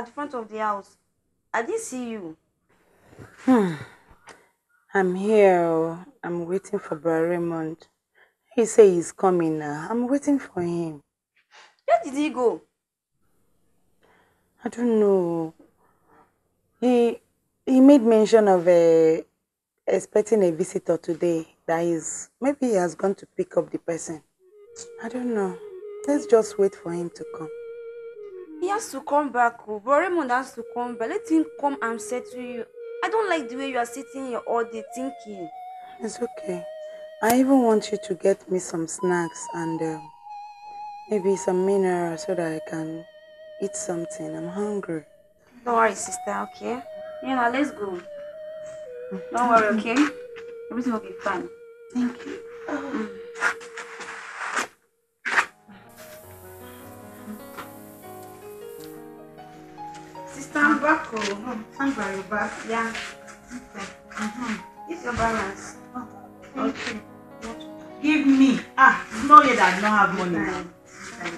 at the front of the house. I didn't see you. Hmm. I'm here. Oh. I'm waiting for Brother Raymond. He say he's coming now. I'm waiting for him. Where did he go? I don't know. He he made mention of a, uh, expecting a visitor today. That is, maybe he has gone to pick up the person. I don't know. Let's just wait for him to come. He has to come back, oh, but Raymond has to come back. Let him come and settle you. I don't like the way you are sitting here all day thinking. It's okay. I even want you to get me some snacks and uh, maybe some mineral so that I can eat something. I'm hungry. Don't worry, sister, okay? You know, let's go. Don't worry, okay? Everything will be fine. Thank you. Mm. I'm back. Oh, hmm. Sandra, you back. Yeah. Okay. Mm-hmm. Uh-huh. It's your balance. Oh, okay. Give me. Ah, no, yet I don't have money. Right.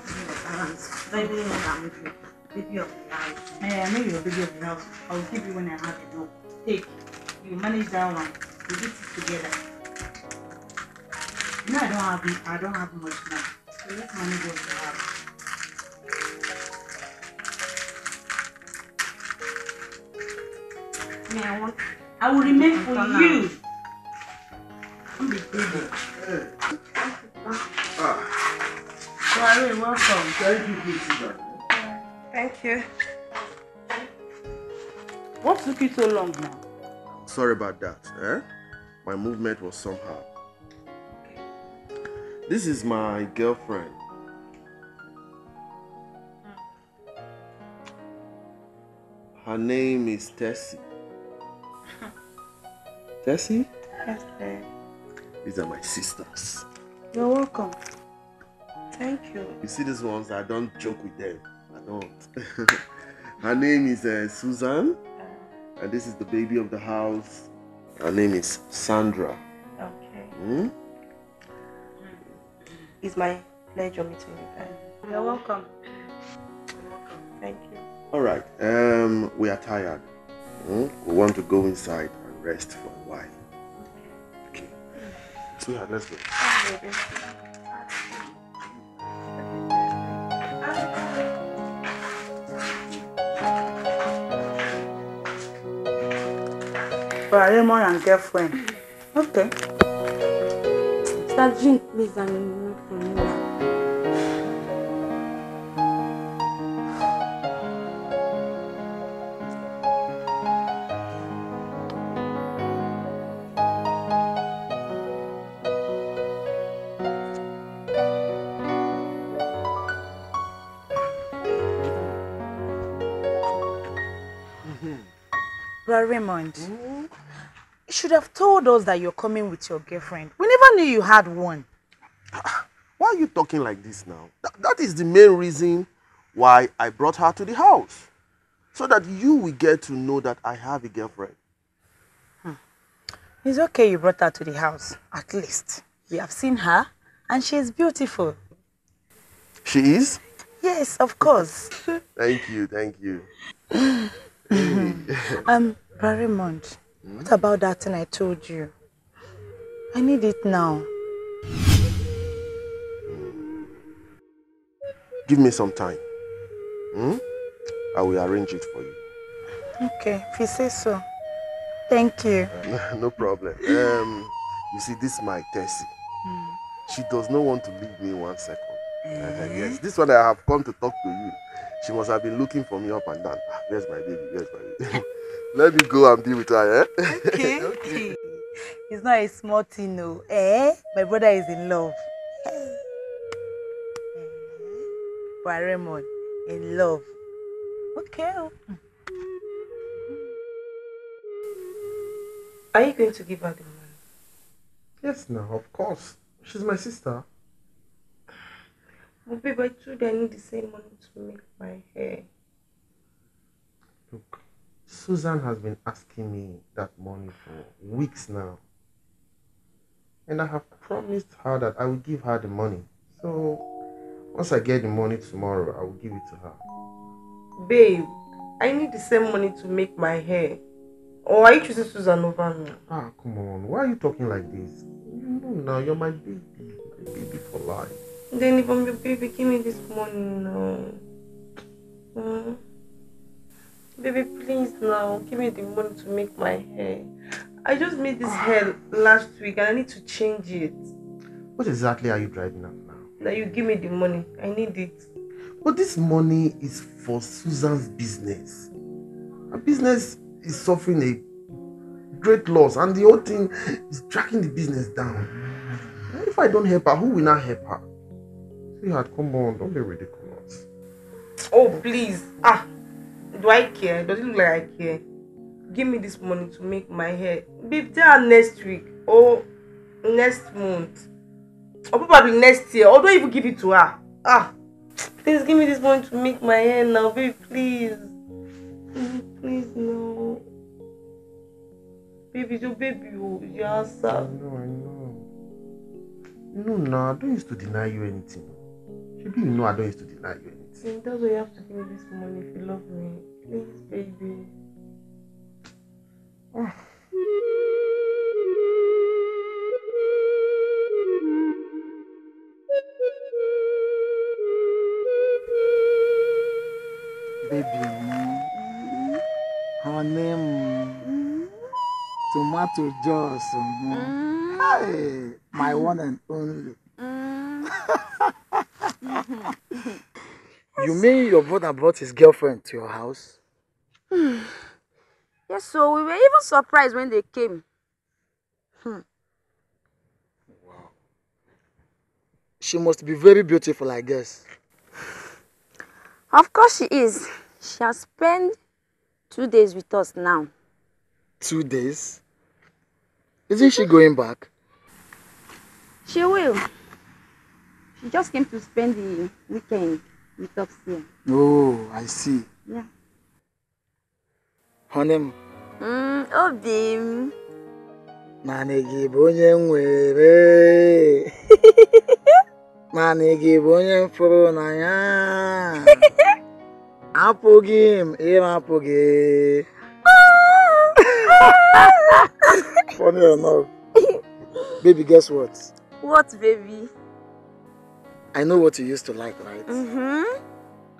Baby, I'm with you. Baby of the house. Yeah, maybe you're baby of the house. I'll give you when I have enough. Take. You manage that one. We we'll eat it together. No, I don't have. I don't have much now. So let's manage what you have. me I want. I will remain for you. Ah. welcome. Thank you, Thank you. What took you so long now? Sorry about that. Eh? My movement was somehow. This is my girlfriend. Her name is Tessie. Jessie. Yes, sir. These are my sisters. You're welcome. Thank you. You see these ones, I don't joke with them. I don't. Her name is uh, Susan. Uh. And this is the baby of the house. Her name is Sandra. Okay. Hmm? Mm. It's my pleasure meeting you guys. Uh, you're welcome. Thank you. All right. Um, we are tired. Hmm? We want to go inside and rest for So yeah, let's go. For Raymond and girlfriend. Okay. Start drink, please, And. Uh, Raymond, mm-hmm. you should have told us that you're coming with your girlfriend. We never knew you had one. Why are you talking like this now? Th- that is the main reason why I brought her to the house. So that you will get to know that I have a girlfriend. Hmm. It's okay you brought her to the house, at least. You have seen her, and she is beautiful. She is? Yes, of course. thank you, thank you. um, Papa Raymond, what about that thing I told you? I need it now. Give me some time. Hmm? I will arrange it for you. Okay, if you say so. Thank you. no problem. Um, you see, this is my Tessie. Mm. She does not want to leave me one second. Mm uh, yes, this one I have come to talk to you. She must have been looking for me up and down. Ah, where's my baby? Where's my baby? Let me go and be with her, eh? Okay. okay. It's not a small thing, no. Eh? My brother is in love. Eh? But Raymond, in love. Okay. Oh. Are you going to give her the money? Yes, now, of course. She's my sister. But baby, I told you I need the same money to make my hair. Look, Susan has been asking me that money for weeks now. And I have promised her that I will give her the money. So once I get the money tomorrow, I will give it to her. Babe, I need the same money to make my hair. Or are you choosing Susan over me? Ah, come on. Why are you talking like this? You know now, you're my baby. My baby for life. Then if I'm your baby, give me this money now. Hmm? Baby, please now, give me the money to make my hair. I just made this hair last week and I need to change it. What exactly are you driving at now? Now you give me the money. I need it. But this money is for Susan's business. Her business is suffering a great loss and the whole thing is dragging the business down. And if I don't help her, who will not help her? Sweetheart, come on, don't be ridiculous. Oh, please. Ah, do I care? Does it look like I care? Give me this money to make my hair. Babe, there next week or next month or probably next year or don't even give it to her. Ah, please give me this money to make my hair now, babe, please. Mm-hmm, please, no. Baby, your baby, you, oh, your answer. I know, I know. You know, nah, I don't used to deny you anything. Maybe you know I don't used to deny you See, that's what you have to give me this money if you love me. Please, baby. Ah. baby, her mm-hmm. name, mm-hmm. tomato juice. Mm-hmm. Hey, my one and only. You mean your brother brought his girlfriend to your house? yes, so we were even surprised when they came. Hmm. Wow. She must be very beautiful, I guess. Of course she is. She has spent two days with us now. Two days? Isn't she going back? She will. She just came to spend the weekend Litopsia. Oh, I see. Yeah. Honey. Mm, Obim. Naanị gị bụ onye nwere. Naanị gị bụ onye mfụrụ n'anya. Apụghị m ịrapụ Funny enough. baby, guess what? What, baby? I know what you used to like, right? Mm-hmm.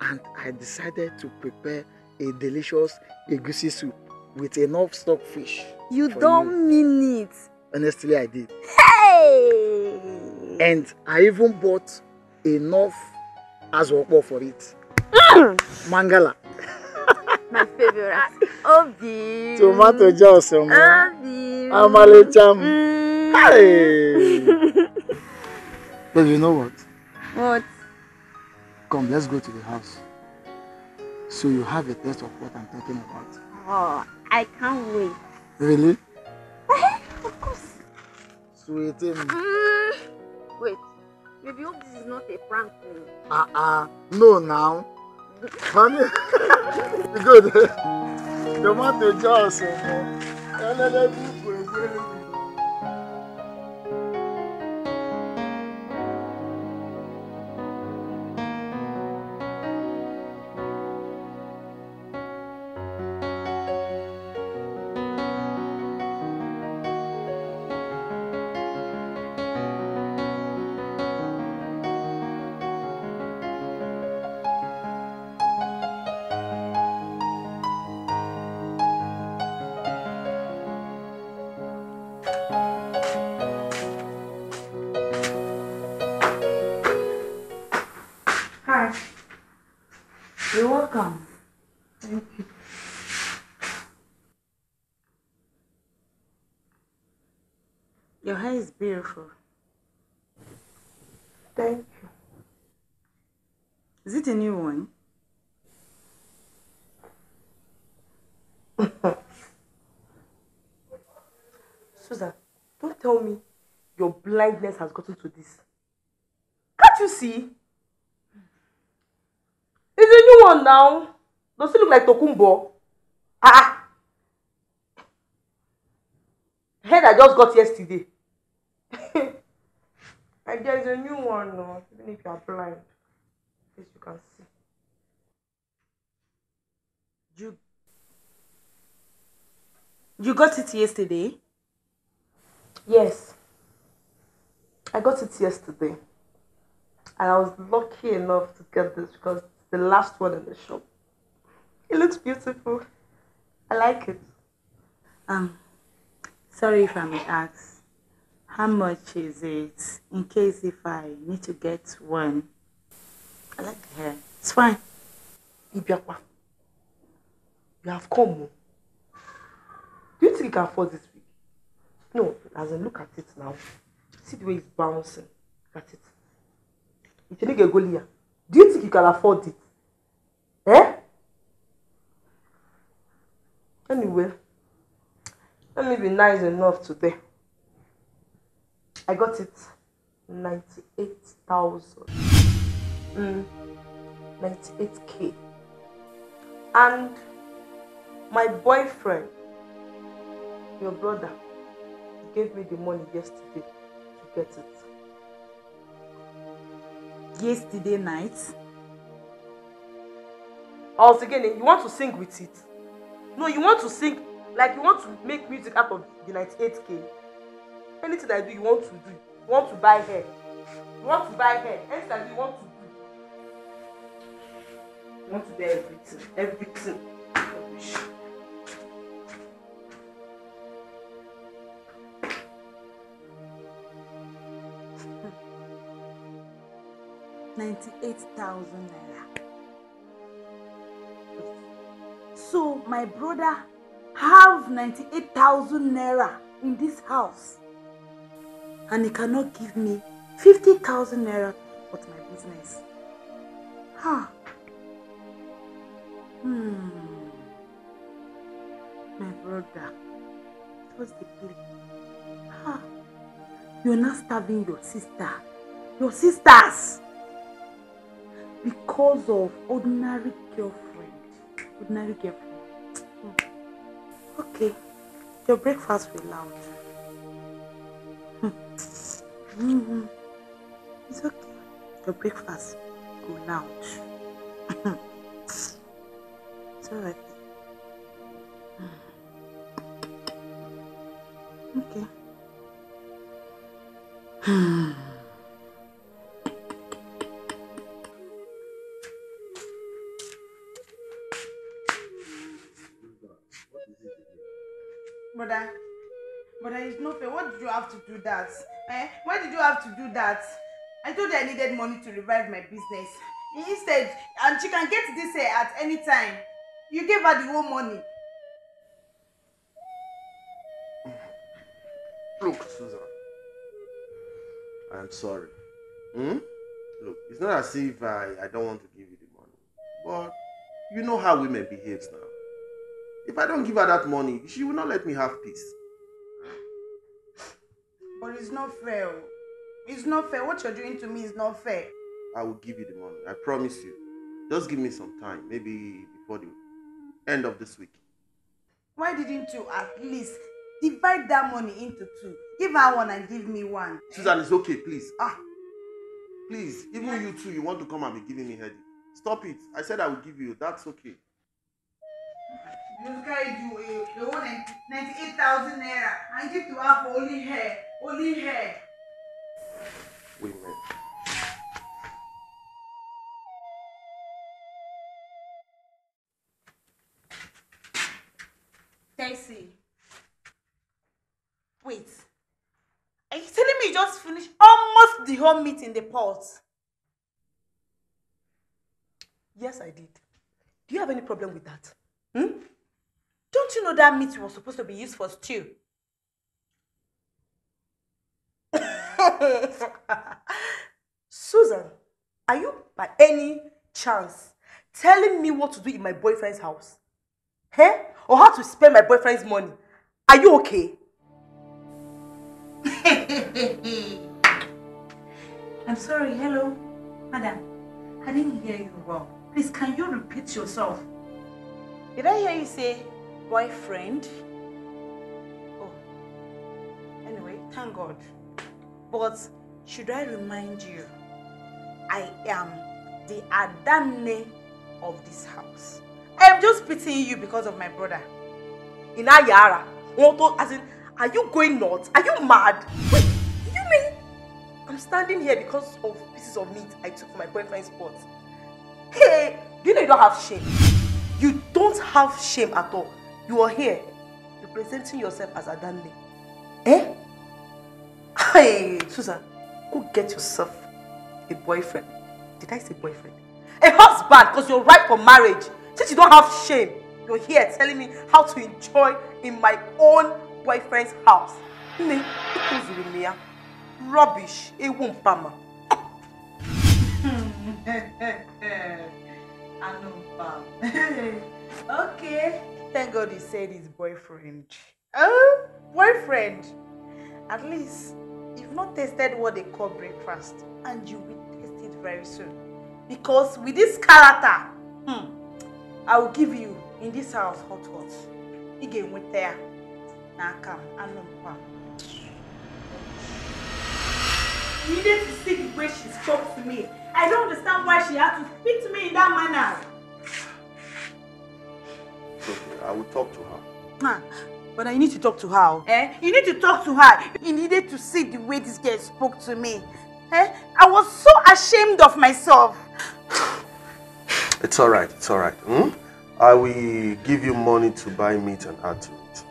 And I decided to prepare a delicious egusi soup with enough stockfish. You don't you. mean it. Honestly, I did. Hey! And I even bought enough azwakpo for it. Mm. Mangala. My favorite. Obi. Tomato juice. Obi. Amale cham. Mm. Hey! but you know what? What? Come, let's go to the house. So you have a taste of what I'm talking about. Oh, I can't wait. Really? Eh, of course. Sweetie. Mm, wait. Maybe hope this is not a prank. Uh-uh. No, now. Honey. Good. Tomato juice. welcome. Thank you. Your hair is beautiful. Thank you. Is it a new one? Susan, don't tell me your blindness has gotten to this. Can't you see? now. Does he look like Tokumbo? Ah, ah! Head I just got yesterday. and there is a new one, no, even if you are blind. At least you can see. You, you got it yesterday? Yes. I got it yesterday. And I was lucky enough to get this because the last one in the shop. It looks beautiful. I like it. Um, sorry if I may ask, how much is it in case if I need to get one? I like the hair. It's fine. you have come. Oh. Do you think you can afford this wig? No, as in look at it now. See the way it's bouncing. Look at it. It's a nigga Do you think you can afford it? Anyway, let me be nice enough today. I got it. ninety eight 98,000. Mm, eight k And my boyfriend, your brother, gave me the money yesterday to get it. Yesterday night? Also, again, you want to sing with it? no you want to sing like you want to make music out of the ninety-eight k anything that i do you want to do you want to buy hair you want to buy hair anything that you want to do you want to buy everything everything Ninety-eight thousand naira. So my brother have 98,000 naira in this house. And he cannot give me 50,000 naira for my business. Huh. Hmm. My brother. It was the play. Huh. You're not starving your sister. Your sisters. Because of ordinary girlfriend ordinary girlfriend. Okay, your breakfast will loud. mm -hmm. It's okay. Your breakfast will loud. it's alright. that. I told her I needed money to revive my business. Instead, and she can get this here at any time. You gave her the whole money. Look, Susan. I am sorry. Hmm? Look, it's not as if I, I don't want to give you the money. But you know how women behave now. If I don't give her that money, she will not let me have peace. But it's not fair. It's not fair. What you're doing to me is not fair. I will give you the money. I promise you. Just give me some time. Maybe before the end of this week. Why didn't you at least divide that money into two? Give her one and give me one. Susan, it's okay, please. Ah. Please, even you two, you want to come and be giving me headache. Stop it. I said I will give you. That's okay. You guy do a, the one 98,000 naira I give to her for only hair. Only hair we live. Daisy, wait. Are you telling me you just finished almost the whole meat in the pot? Yes, I did. Do you have any problem with that? Hmm? Don't you know that meat was supposed to be used for stew? Susan, are you by any chance telling me what to do in my boyfriend's house? Huh? Or how to spend my boyfriend's money? Are you okay? I'm sorry, hello, madam. I didn't hear you well. Please, can you repeat yourself? Did I hear you say boyfriend? Oh, anyway, thank God. But should I remind you, I am the Adane of this house. I am just pitying you because of my brother. In Ayara, Moto, as in, are you going nuts? Are you mad? Wait, you mean I'm standing here because of pieces of meat I took for my boyfriend's pot? Hey, do you know you don't have shame? You don't have shame at all. You are here representing yourself as Adane. Eh? Hey, Susan, go get yourself a boyfriend. Did I say boyfriend? A husband, because you're ripe for marriage. Since you don't have shame, you're here telling me how to enjoy in my own boyfriend's house. Me, because you me rubbish, a mama. okay. Thank God he said his boyfriend. Oh, boyfriend. At least You've not tasted what they call breakfast, and you will taste it very soon. Because with this character, hmm, I will give you in this house hot hot. Again, ga there. ya n'aka m, anụ m kwa. You need to see the way she spoke to me. I don't understand why she had to speak to me in that manner. Okay, I will talk to her. Ma, ah, But I need to talk to her. Eh? You need to talk to her. You needed to see the way this girl spoke to me. Eh? I was so ashamed of myself. It's alright, it's alright. Hmm? I will give you money to buy meat and add to it.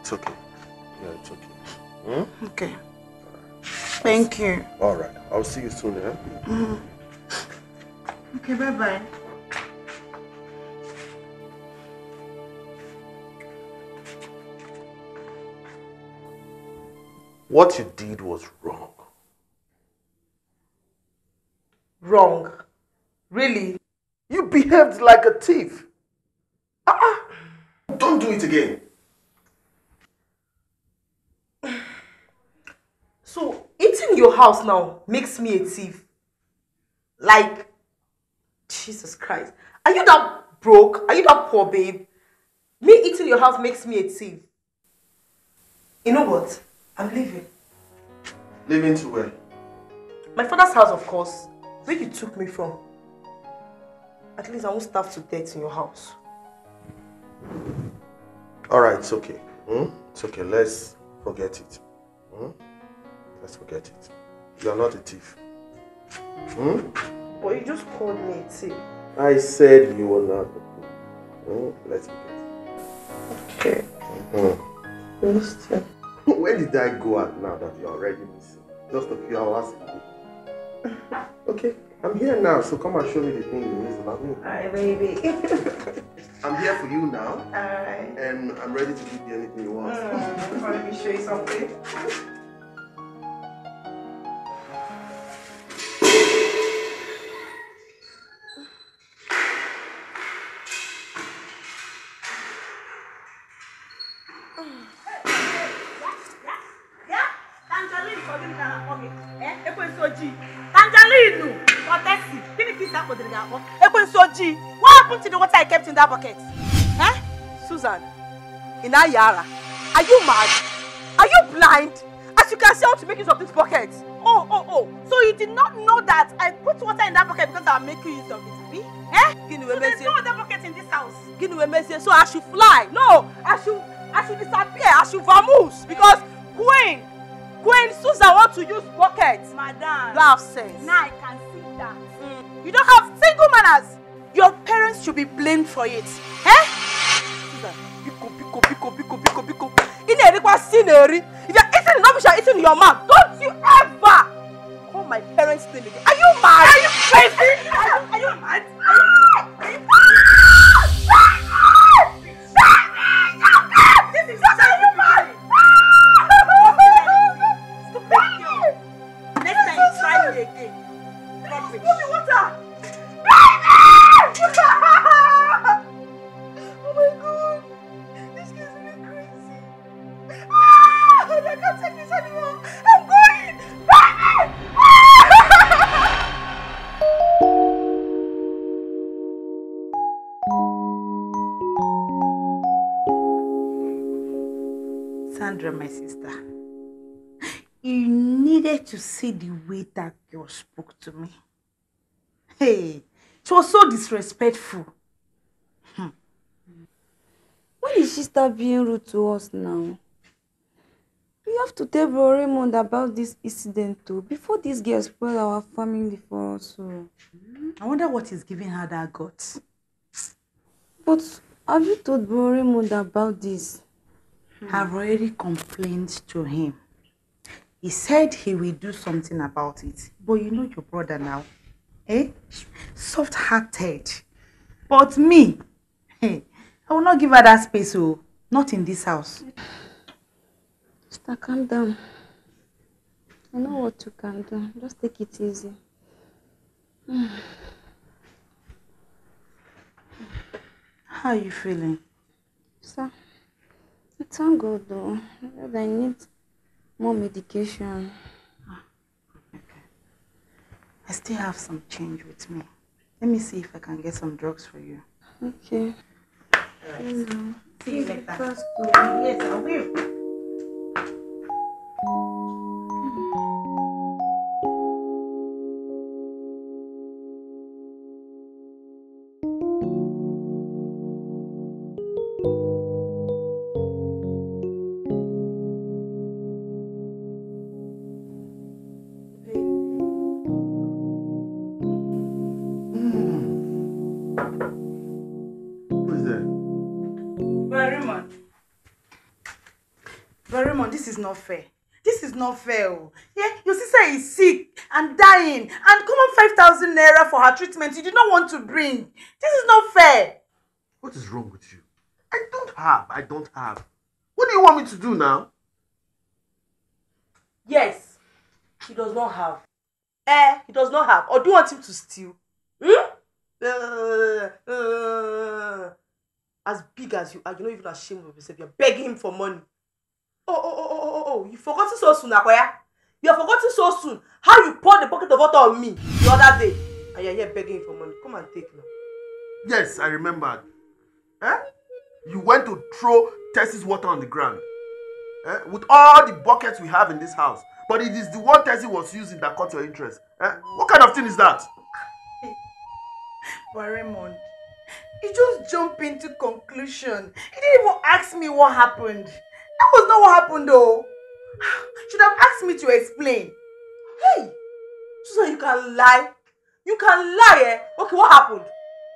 It's okay. Yeah, it's okay. Hmm? Okay. Thank you. Alright, I'll see you soon, eh? Mm. Okay, bye-bye. What you did was wrong. Wrong? Really? You behaved like a thief. Ah! Don't do it again. So, eating your house now makes me a thief. Like, Jesus Christ. Are you that broke? Are you that poor, babe? Me eating your house makes me a thief. You know what? I'm leaving. Leaving to where? My father's house, of course. Where you took me from. At least I won't starve to death in your house. Alright, it's okay. Hmm? It's okay. Let's forget it. Hmm? Let's forget it. You're not a thief. Hmm? But you just called me a thief. I said you were not a thief. Hmm? Let's forget it. Okay. Mm -hmm. Where did I go at now that you're already missing? Just a few hours ago. okay, I'm here now, so come and show me the thing you miss about me. Alright, baby. I'm here for you now. Alright. And I'm ready to give you anything you want. Mm, let me show you something. that bucket? Huh? Susan, in Ayara, are you mad? Are you blind? As you can see, I want to make use of this bucket. Oh, oh, oh. So you did not know that I put water in that bucket because I'm making use of it, me? Eh? so there's no other bucket in this house. so I should fly. No, I should, I should disappear. I should vamoose because Queen, Queen Susan want to use buckets. Madam. Love says. Now I can see that. Mm. You don't have single manners. Your parents should be blamed for it. Eh? Biko, biko, biko, biko, biko, biko. In a request scenery. If you're eating rubbish, you're eating your mouth. Don't you ever call my parents' name again. Are you mad? Are you crazy? are you mad? Are you mad? did you see the way that girl spoke to me? Hey, she was so disrespectful. Hmm. When did she start being rude to us now? We have to tell Bro Raymond about this incident too before this girl spoil our family for us. Oh. I wonder what is giving her that guts. But have you told Bro Raymond about this? Hmm. I've already complained to him. He said he will do something about it. But you know your brother now. Eh? Soft-hearted. But me, hey, eh, I will not give her that space, oh. Not in this house. Sister, calm down. I know what you can do. Just take it easy. How are you feeling? Sir, It's thank God though I need more medication. Ah, okay. I still have some change with me. Let me see if I can get some drugs for you. Okay. All right. Mm -hmm. See you later. Yes, I will. not fair this is not fair oh yeah your sister is sick and dying and come on, five thousand naira for her treatment you did not want to bring this is not fair. what is wrong with you i don't have i don't have what do you want me to do now. yes he does not have eh he does not have or do you want him to steal hmm? uh, uh, as big as you are you are not even ashamed of yourself you are begging him for money Oh, oh, oh, oh, oh, oh, you forgotten so soon, Akoya. You have forgotten so soon how you poured the bucket of water on me the other day. And you're here begging for money. Come and take now. Yes, I remembered. Eh? You went to throw Tessie's water on the ground. Eh? With all the buckets we have in this house. But it is the one Tessie was using that caught your interest. Eh? What kind of thing is that? But Raymond, you just jump into conclusion. You didn't even ask me what happened. That was not what happened though. Should have asked me to explain. Hey, Susan, you can lie. You can lie, eh? Okay, what happened?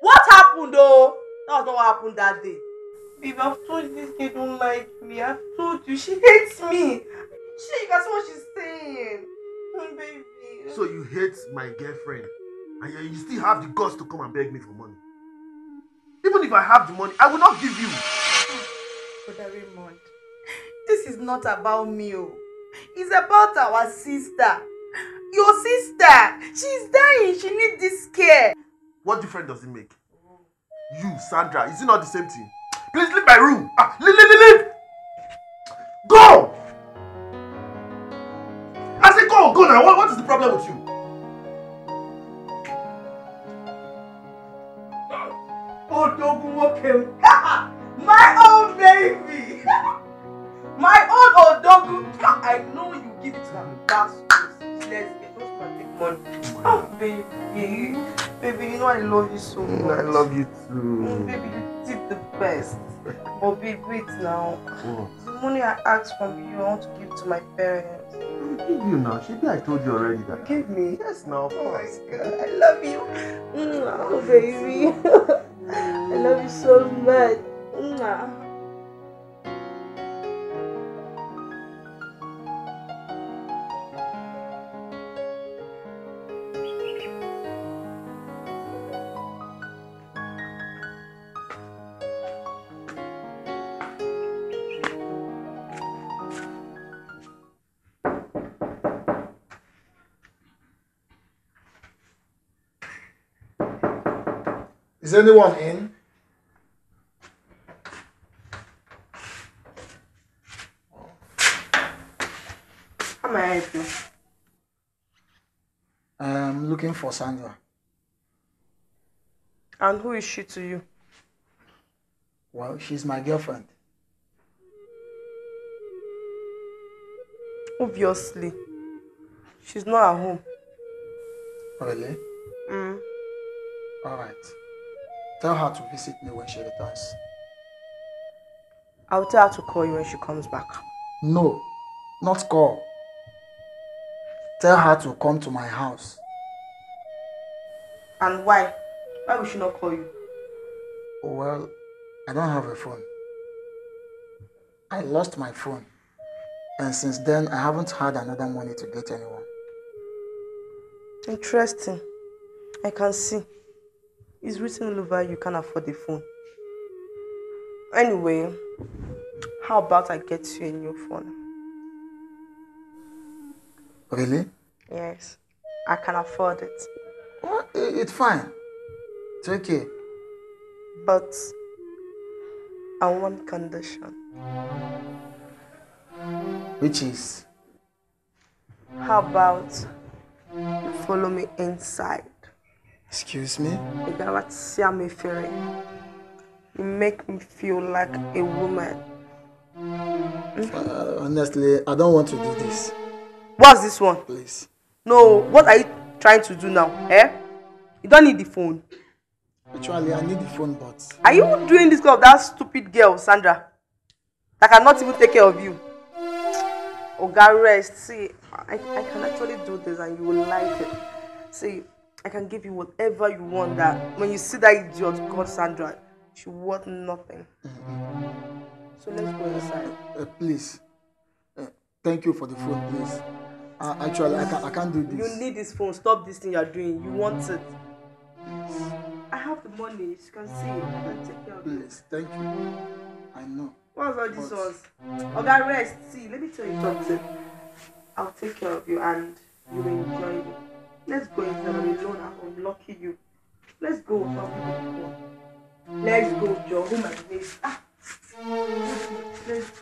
What happened though? That was not what happened that day. Babe, I've told you this kid don't like me. I've told you. She hates me. She, that's what she's saying. baby. So you hate my girlfriend and you still have the guts to come and beg me for money. Even if I have the money, I will not give you. Brother Raymond, this is not about me o oh. it's about our sister your sister she's dying she need this care. what difference does it make you Sandra is it not the same thing please leave my room ah leave leave leave go I say go go now what, what is the problem with you. odogun oh, woke. Okay. I know you give it to them. That's let's get those money. Oh, baby, baby, you know I love you so mm, much. I love you too. baby, you did the best. but baby, wait now. The money I asked from you, I want to give to my parents. I give you now. Should I told you already that. Give me. Yes, now. Oh my God, I love you. Mm, oh, baby, I love you so much. Mm, ah. Is anyone in? How may I help you? I'm looking for Sandra. And who is she to you? Well, she's my girlfriend. Obviously. She's not at home. Really? Mm. All right. Tell her to visit me when she returns. I'll tell her to call you when she comes back. No, not call. Tell her to come to my house. And why? Why would she not call you? Well, I don't have a phone. I lost my phone. And since then, I haven't had another money to get anyone. Interesting. I can see. It's written all over you can't afford the phone. Anyway, how about I get you a new phone? Really? Yes. I can afford it. Well, it's fine. It's okay. But I want condition. Which is? How about you follow me inside? Excuse me? Igawatiame fairy. You make me feel like a woman. Uh, honestly, I don't want to do this. What's this one? Please. No, what are you trying to do now? Eh? You don't need the phone. Actually, I need the phone, but... Are you doing this because of that stupid girl, Sandra? That cannot even take care of you? Oga, rest. See, I, I can actually do this and you will like it. See, I can give you whatever you want that when you see that idiot called Sandra, she worth nothing. Mm -hmm. So let's go inside. Uh, uh, please. Uh, thank you for the phone, please. Uh, actually, I, can, I can't do this. You need this phone. Stop this thing you're doing. You want it. I have the money. You can see. It. I can take care of Please, thank you. I know. What's all this was? Okay, rest. See, let me tell you something. I'll take care of you and you will enjoy it. Let's go instead of alone. I'm unlocking you. Let's go. Let's go, Joe. Who my face? Ah. Let's go.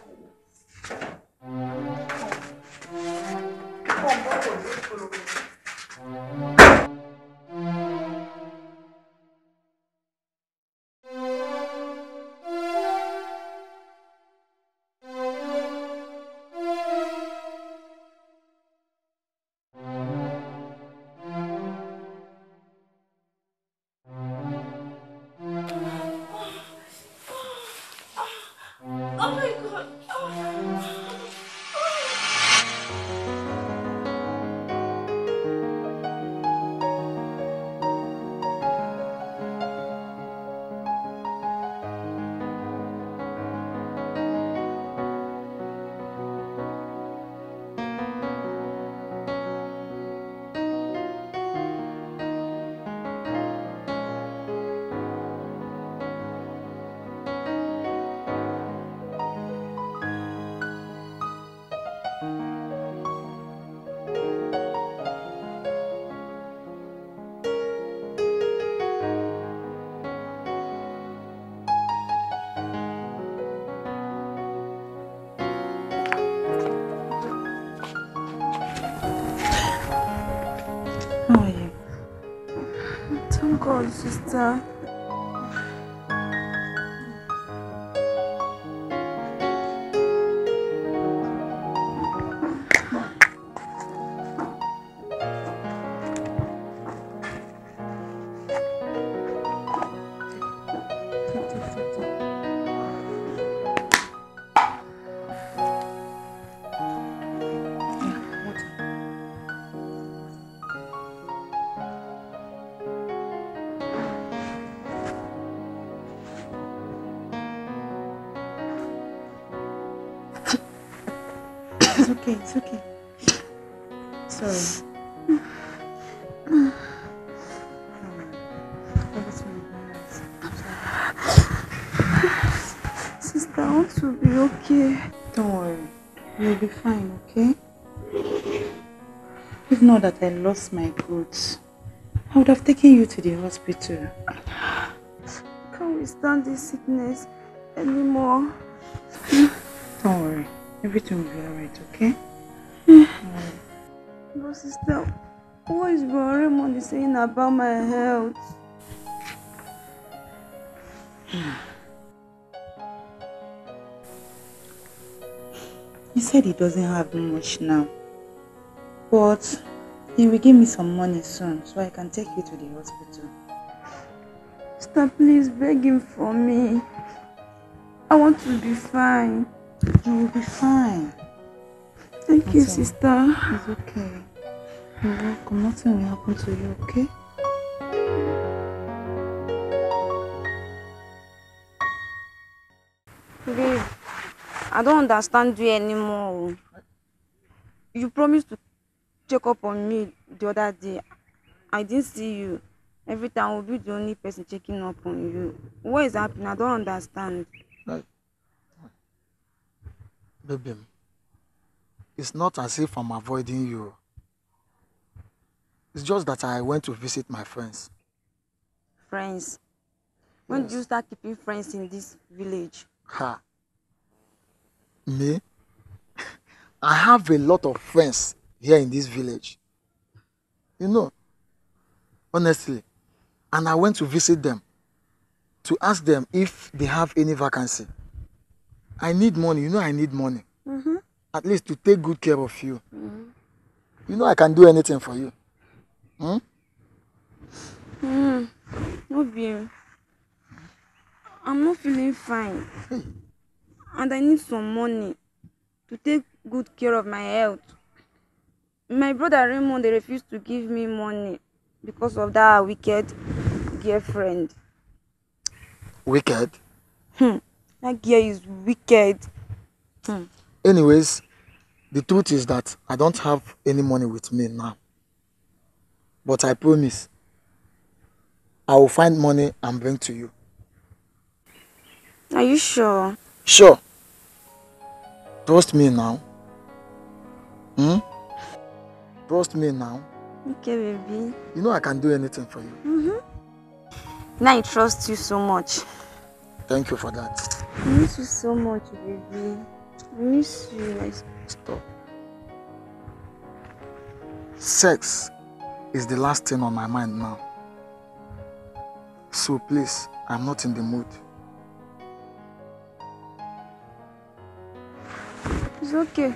was just uh that I lost my goods, I would have taken you to the hospital. Can't withstand this sickness anymore. Don't worry. Everything will be alright, okay? Mm. Right. But sister, what is Raymond saying about my health? He said he doesn't have much now. But he will give me some money soon so I can take you to the hospital. Sister, please beg him for me. I want to be fine. You will be fine. Thank That's you, all. sister. It's okay. You're welcome. Nothing will happen to you, okay? Babe, I don't understand you anymore. You promised to check up on me the other day. I didn't see you. Every time I will be the only person checking up on you. What is happening? I don't understand. baby, it's not as if I'm avoiding you. It's just that I went to visit my friends. Friends? When yes. did you start keeping friends in this village? Ha. Me? I have a lot of friends here in this village. You know, honestly. And I went to visit them to ask them if they have any vacancy. I need money. You know, I need money. Mm -hmm. At least to take good care of you. Mm -hmm. You know, I can do anything for you. Hmm? Mm, no beer. I'm not feeling fine. Hey. And I need some money to take good care of my health my brother Raymond they refused to give me money because of that wicked girlfriend. Wicked? Hmm. That girl is wicked. Hmm. Anyways, the truth is that I don't have any money with me now. But I promise, I will find money and bring to you. Are you sure? Sure. Trust me now. Hmm? Trust me now. Okay, baby. You know I can do anything for you. Mm -hmm. Now I trust you so much. Thank you for that. I miss you so much, baby. I miss you. Stop. Sex is the last thing on my mind now. So please, I'm not in the mood. It's okay.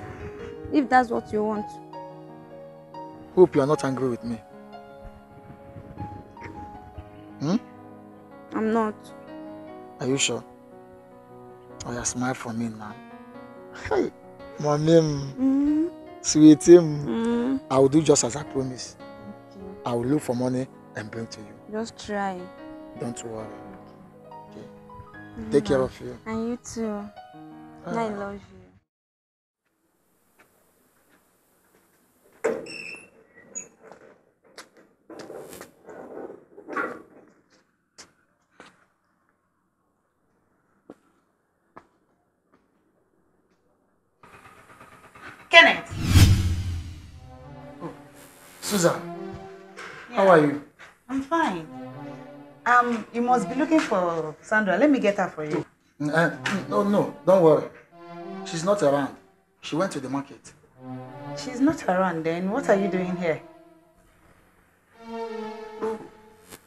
If that's what you want. Hope you are not angry with me. Hmm? I'm not. Are you sure? Oh, yeah, smile for me now. Hey, mommy, mm. Mm-hmm. sweet him. Mm. Mm-hmm. I will do just as I promise. Okay. I will look for money and bring to you. Just try. Don't worry. Okay. okay. Mm. Take care of you. And you too. Uh, I love you. Kenneth. Oh, Susan, yeah. how are you? I'm fine. Um, you must be looking for Sandra. Let me get her for you. Uh, no, no, don't worry. She's not around. She went to the market. She's not around then. What are you doing here?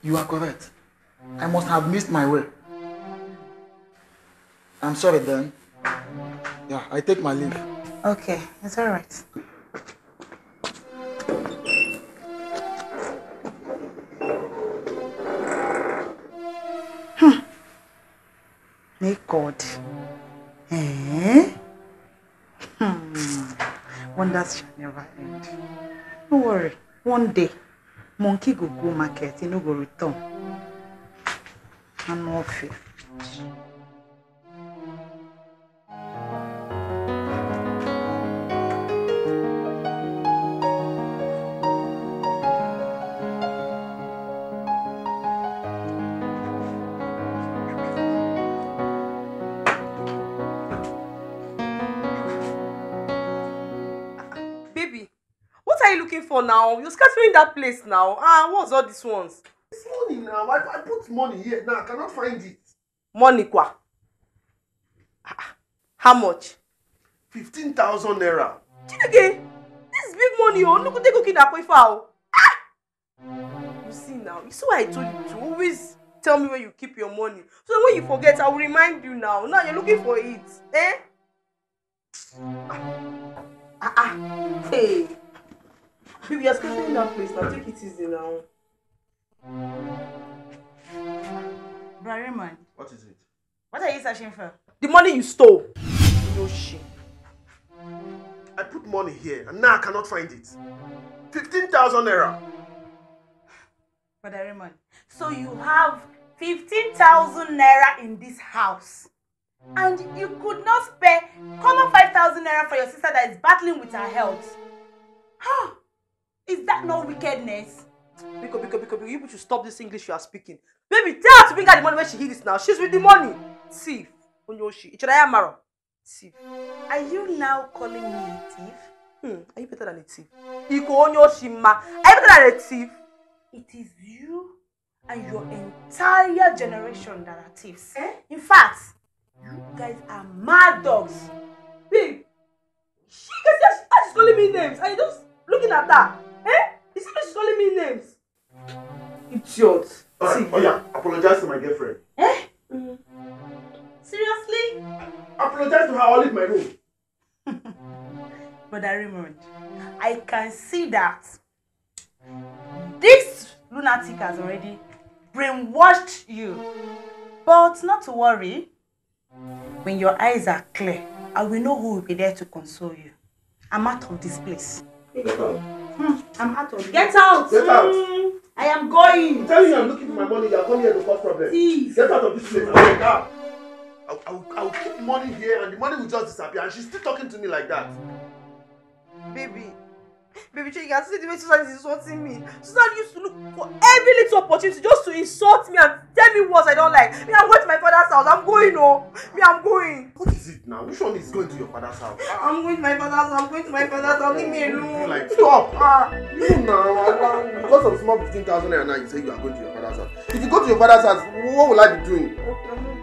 you are correct. I must have missed my way. I'm sorry then. Yeah, I take my leave. Okay, it's all right. Hmm. May God. Eh? Hmm. Wonders shall never end. No worry. One day, monkey go go market, he no go return. I'm off here. now you scattering that place now ah what's all these ones. it's money now i, I put money here now i cannot find it. money qua. how much. fifteen thousand naira. chineke this is big money Oh, o nnukwu take okin akwa ife oh. Ah. you see now you see why i told you to always tell me where you keep your money so when you forget i will remind you now now you're looking for it eh. ah ah, ah. hey. We you're scattering that place now. Take it easy now. Brother Raymond. What is it? What are you searching for? The money you stole. No shit. I put money here and now I cannot find it. 15,000 naira. Brother Raymond, so you have 15,000 naira in this house and you could not spare common 5,000 naira for your sister that is battling with her health. Huh? Is that not mm. wickedness? Biko, Biko, Biko, Biko, you people should stop this English you are speaking. Baby, tell her to bring out the money when she hears this now. She's with the mm. money. Thief. Onyoshi. Ichiraya Maro. Thief. Are you now calling me a thief? Hmm, are you better than a thief? Iko Onyoshi Ma. Are you better than a thief? It is you and your entire generation that are thieves. Eh? In fact, you guys are mad dogs. Babe, she just she's calling me names and you're just looking at that? calling me names. Idiot. Right, oh yeah, apologize to my girlfriend. Eh? Mm. Seriously? Apologize to her or leave my room. Brother Raymond, I can see that this lunatic has already brainwashed you. But not to worry, when your eyes are clear, I will know who will be there to console you. I'm out of this place. Hmm, I'm out of here. Get out. Get out. Mm. I am going. I'm telling you, I'm looking for my money. You're coming here to cause problems. Please. Get out of this place. I'm like that. Ah. I, I, I will keep money here and the money will just disappear. And she's still talking to me like that. Baby. Baby Jane, you can see the way Susan is insulting me. Susan used to look for every little opportunity just to insult me and tell me words I don't like. Me, I'm going to my father's house. I'm going, oh. Me, I'm going. What is it now? Which one is going to your father's house? I'm going to my father's house. I'm going to my father's house. Leave me alone. Like, stop. Ah. You now, because of small 15,000 and now you say you are going to your father's house. If you go to your father's house, what will I be doing? Okay.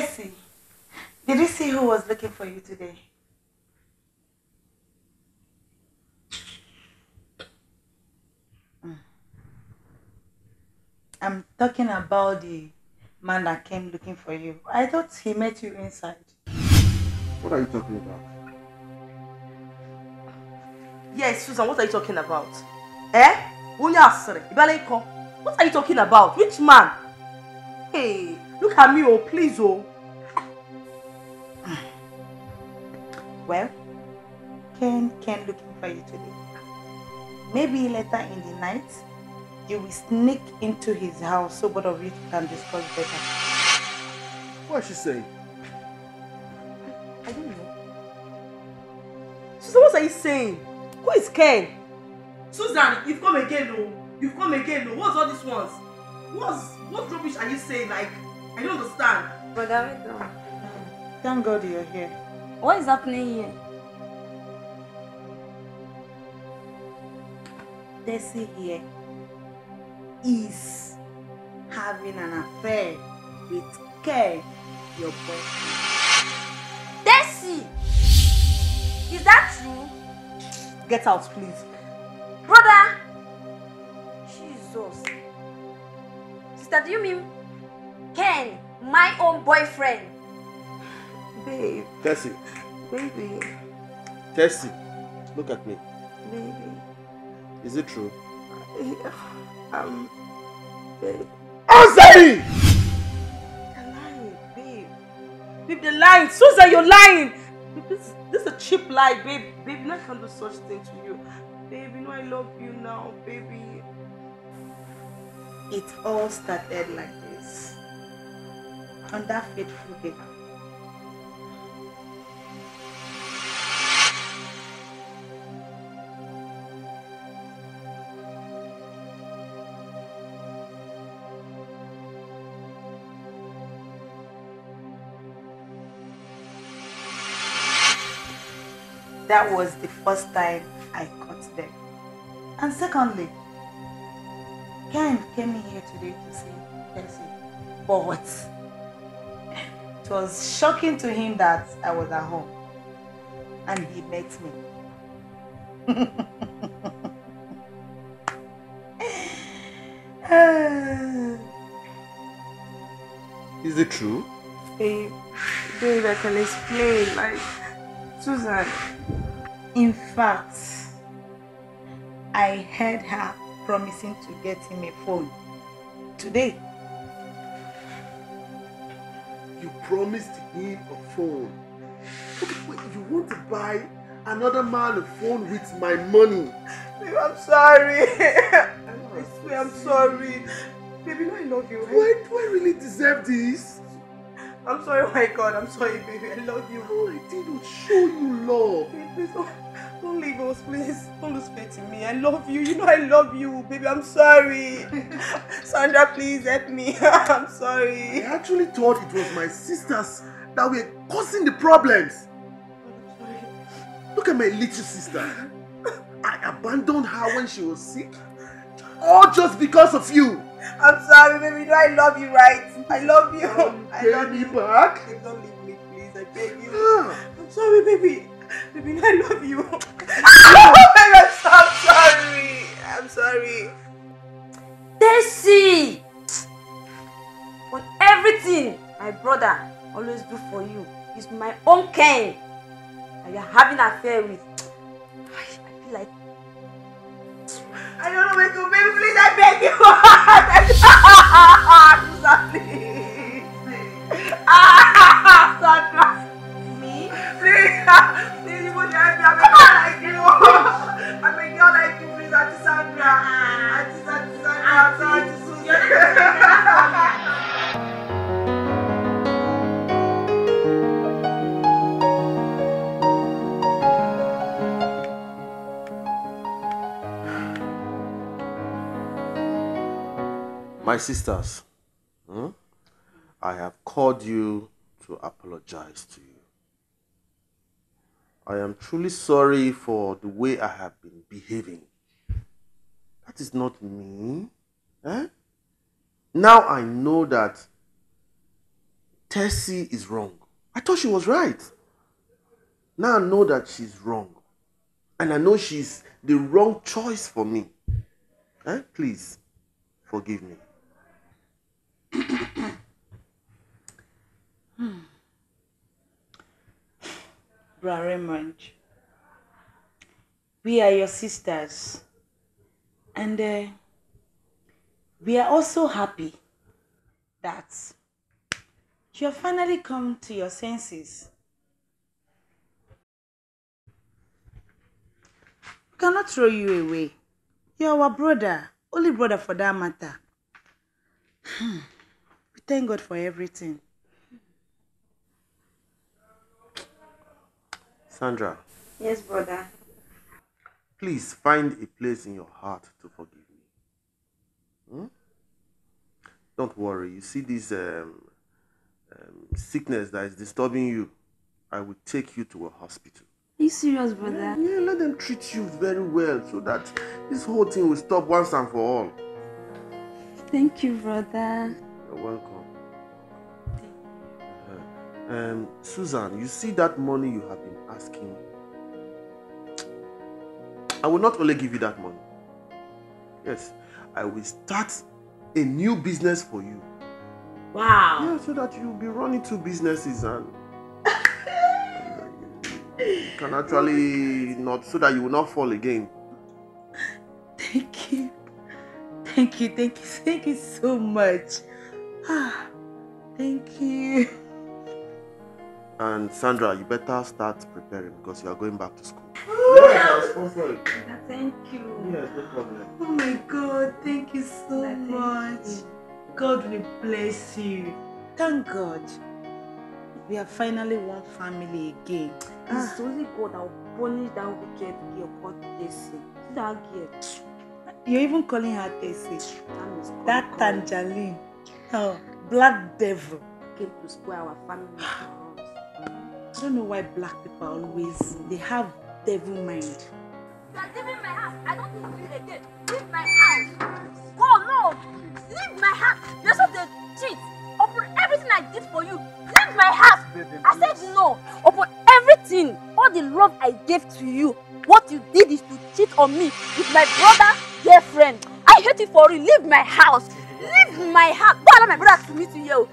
Stacy, did you see who was looking for you today? Hmm. I'm talking about the man that came looking for you. I thought he met you inside. What are you talking about? Yes, Susan, what are you talking about? Eh? What are you talking about? Which man? Hey, Look at me, oh, please, oh. Well, Ken, Ken looking for you today. Maybe later in the night, you will sneak into his house so both of you can discuss better. What's she saying? I don't know. Susan, what are you saying? Who is Ken? Susan, you've come again, oh. You've come again, oh. What's all these ones? What's, what rubbish are you saying, like? I don't understand. But David, Thank God you're here. What is happening here? Desi here is having an affair with Kay, your boyfriend. Desi! Is that true? Get out, please. Brother! Jesus. Sister, do you mean Ken, my own boyfriend. Babe. Tessie. Baby. Tessie, look at me. Baby. Is it true? Um, babe. Answer me! are lying, babe. Babe, they're lying. Susan, you're lying. this, this is a cheap lie, babe. Babe, no can do such thing to you. Babe, you know I love you now, baby. It all started like this on that fateful day. That was the first time I caught them. And secondly, Ken came here today to say, Percy, but what? was shocking to him that I was at home. And he met me. Is it true? Babe, babe, I can explain. Like, Susan, in fact, I heard her promising to get him a phone today. promised him a phone. Okay, wait, you want to buy another man a phone with my money? Babe, I'm sorry. Oh, I swear I'm sorry. Baby, no, I love you. Why do I really deserve this? I'm sorry, oh my God. I'm sorry, baby. I love you. No, I did not show you love. Babe, please don't. Don't leave us, please. Don't lose faith in me. I love you. You know I love you, baby. I'm sorry. Sandra, please help me. I'm sorry. I actually thought it was my sisters that were causing the problems. I'm sorry. Look at my little sister. I abandoned her when she was sick. All just because of you. I'm sorry, baby. You know I love you, right? I love you. Um, I love me you. back. Please don't leave me, please. I beg you. Ah. I'm sorry, baby. Baby, I love you. I'm oh sorry. I'm sorry. Desi! But everything my brother always do for you is my own kind that you're having an affair with. I feel like... I don't know where to baby, please, I beg you. I'm sorry. Ah, Sandra. Me? Please please Sandra Sandra My sisters, hmm? I have called you to apologize to you. I am truly sorry for the way I have been behaving. That is not me. Eh? Now I know that Tessie is wrong. I thought she was right. Now I know that she's wrong. And I know she's the wrong choice for me. Eh? Please forgive me. Hmm. Raymond. We are your sisters. And uh, we are also happy that you have finally come to your senses. We cannot throw you away. You're our brother, only brother for that matter. Hmm. we thank God for everything. Sandra. Yes, brother. Please find a place in your heart to forgive me. Hmm? Don't worry. You see this um, um, sickness that is disturbing you. I will take you to a hospital. Are you serious, brother? Yeah, let them treat you very well so that this whole thing will stop once and for all. Thank you, brother. You're welcome um, Susan, you see that money you have been asking? I will not only give you that money. Yes, I will start a new business for you. Wow. Yeah, so that you'll be running two businesses and can actually not so that you will not fall again. Thank you. Thank you, thank you, thank you so much. Ah, thank you. And Sandra, you better start preparing because you are going back to school. yes, Thank you. Yes, no problem. Oh my God, thank you so thank much. You. God will bless you. Thank God. We are finally one family again. Ah. It's only God that will punish that wicked girl called Tessie. That girl. You're even calling her Tessie. That, that Tangerine. Oh, black devil. Came to spoil our family. don't know why black people always, they have devil mind. You are leaving my house. I don't need you again. Leave my house. Go, no. Leave my house. You're such a cheat. Upon everything I did for you, leave my house. I said no. Upon everything, all the love I gave to you, what you did is to cheat on me with my brother dear friend. I hate it for you. Leave my house. Leave my house. Go allow my brother to meet you here.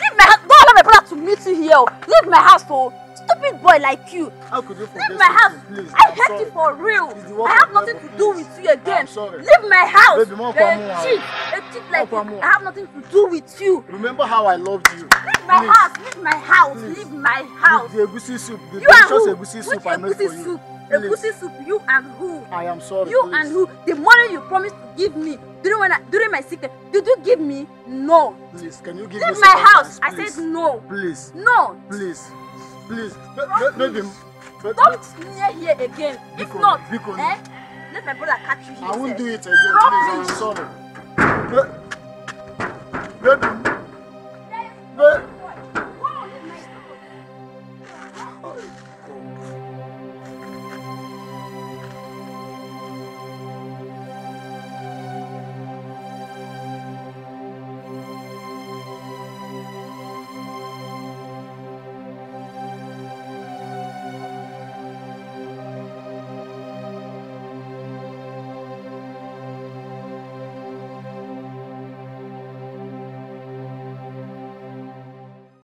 Leave my house. Don't allow my brother to meet you here. Oh. Leave my house, oh. Stupid boy like you. How could you forget Leave my house. Please, I I'm hate you for real. I have nothing to do with you again. I'm sorry. Leave my house. Baby, more a cheat. A cheat like you. I have nothing to do with you. Remember how I loved you. Leave my please. house. Leave my house. Please. Leave my house. Leave the soup. The you are who? soup Which soup? Egusi soup, you and who? I am sorry. You please. and who? The money you promised to give me during when I, during my sickness, did you give me? No. Please, can you give Leave me my house. Please. I said no. Please. No. Please. Please. Don't, don't, don't, don't, near here again. Biko, if not, Biko. Eh, let my brother catch you here. I won't do it again. Drop please, me. I'm sorry. Let, let, let, let,